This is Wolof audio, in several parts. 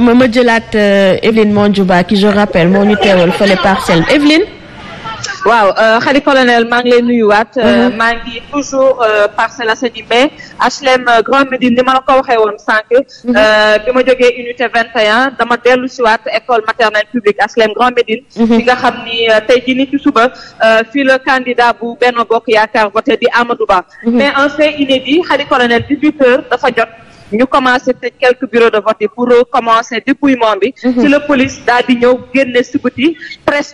ma ma jëlaat euh, Evelyne Mondjouba ki je rappelle moo ñu teewal fële parcelle Evelyne. waaw xali euh, colonel maa ngi lay nuyuwaat. Euh, mhm. maa ngi toujours Parcelles Assainies mais HLM Grand Médine ni ma la ko waxee woon sànq. Mhm. bi ma jógee unité 21 dama dellu si waat école maternelle publique HLM Grand Médine. Mhm. fi nga xam ni tey jii ni ci suba fii la candidat bu Benno Bokk Yaakaar voté di Amadou Ba. mais un fait inédit xali colonel 18 heures dafa jot. ñu commencé tëj quelques bureaux de vote yi pour recommencer dépouillement bi ci mhm. la police daal ñëw génne si biti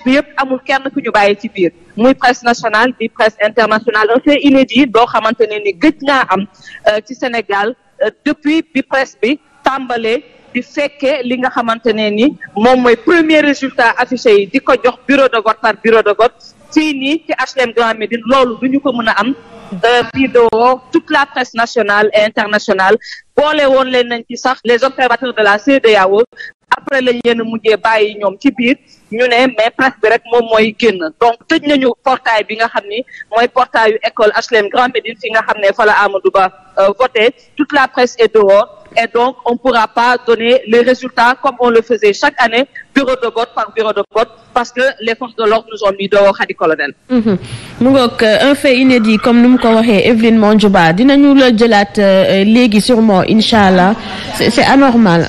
bi yëpp amul kenn ku ñu bàyyi ci biir muy presse nationale di presse internationale un fait boo xamante ne ni gëj naa am euh, ci Sénégal euh, depuis bi presse bi tàmbalee di fekkee li nga xamante ne ni moom mooy premier résultat affiché yi di ko jox bureau de vote par bureau de vote fii nii ci HLM Grand Médine loolu du ñu ko mën a am de vidéo toute la presse nationale et internationale boole woon leen nañ ci sax les observateurs de la CEDEAO après lañ leen mujjee bàyyi ñoom ci biir ñu ne mais presse bi rek moom mooy génn donc tëj nañu portail bi nga xam ni mooy portail yu école HLM Grand Médine fi nga xam ne fa la Amadou Ba euh, voté toute la presse est dehors et donc on ne pourra pas donner les résultats comme on le faisait chaque année bureau de vote par bureau de vote parce que les forces de l'ordre nous ont mis dehors Khady Colonel mhm. mu ngoog euh, un fait inédit comme ni mu ko waxee Evelyne Mondjouba dinañu la jëlaat euh, léegi sûrement incha allah c'est anormal.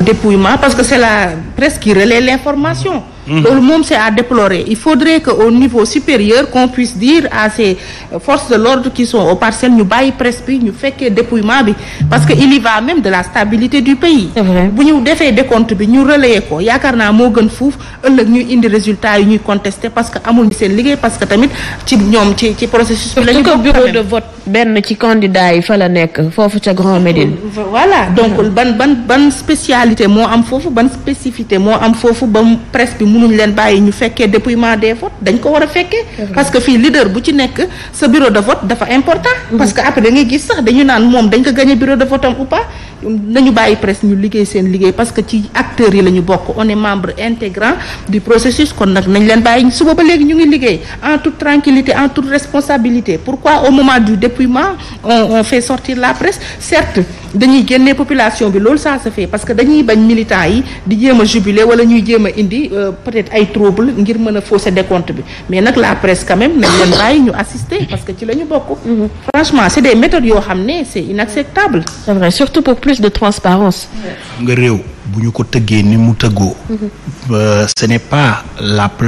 dépouillement parce que c'est la presse qui l'information Mhm. loolu moom c'est à déplorer il faudrait que au niveau supérieur qu'on puisse dire à ces forces de l'ordre qui sont aux parcelles ñu bàyyi presse bi ñu fekkee dépouillement bi parce que il y va même de la stabilité du pays bu ñu defee décompte bi ñu relayer ko yaakaar naa moo gën fuuf ëllëg ñu indi résultat yi ñuy contester parce que amul seen liggéey parce que tamit ci ñoom ci ci processus bi la ñu ko bureau de vote benn ci candidat yi fa la nekk foofu ca Grand Médine voilà donc ban ban ban spécialité moo am foofu ban spécificité moo am foofu ba mënuñ leen bàyyi ñu fekkee dépouillement des votes dañ ko war a fekkee parce que fii leader bu ci nekk sa bureau de vote dafa important mm-hmm. parce que après a ngay gis sax dañu naan moom dañ ko gagné bureau de vote am ou pas nañu bàyyi presse ñu liggéey seen liggéey parce que ci acteurs yi la ñu bokk on est membre intégrant du processus kon nag nañ leen bàyyi suba ba léegi ñu ngi liggéey en toute tranquillité en toute responsabilité pourquoi au moment du dépouillement on on fait sortir la presse certes dañuy génnee population bi loolu ça se fait parce que dañuy bañ militants yi di jéem a jubiler wala ñuy jéem a indi euh, peut-être ay trouble ngir mën a fausser décompte bi mais nag la presse quand même nañ leen bàyyi ñu assister parce que ci la ñu bokk mm-hmm. franchement c'est des méthodes yoo xam ne c'est inacceptable plus de transparence xam nga réew bu ñu ko tëggee ni mu tëggoo mhm. euh, ce n'est pas la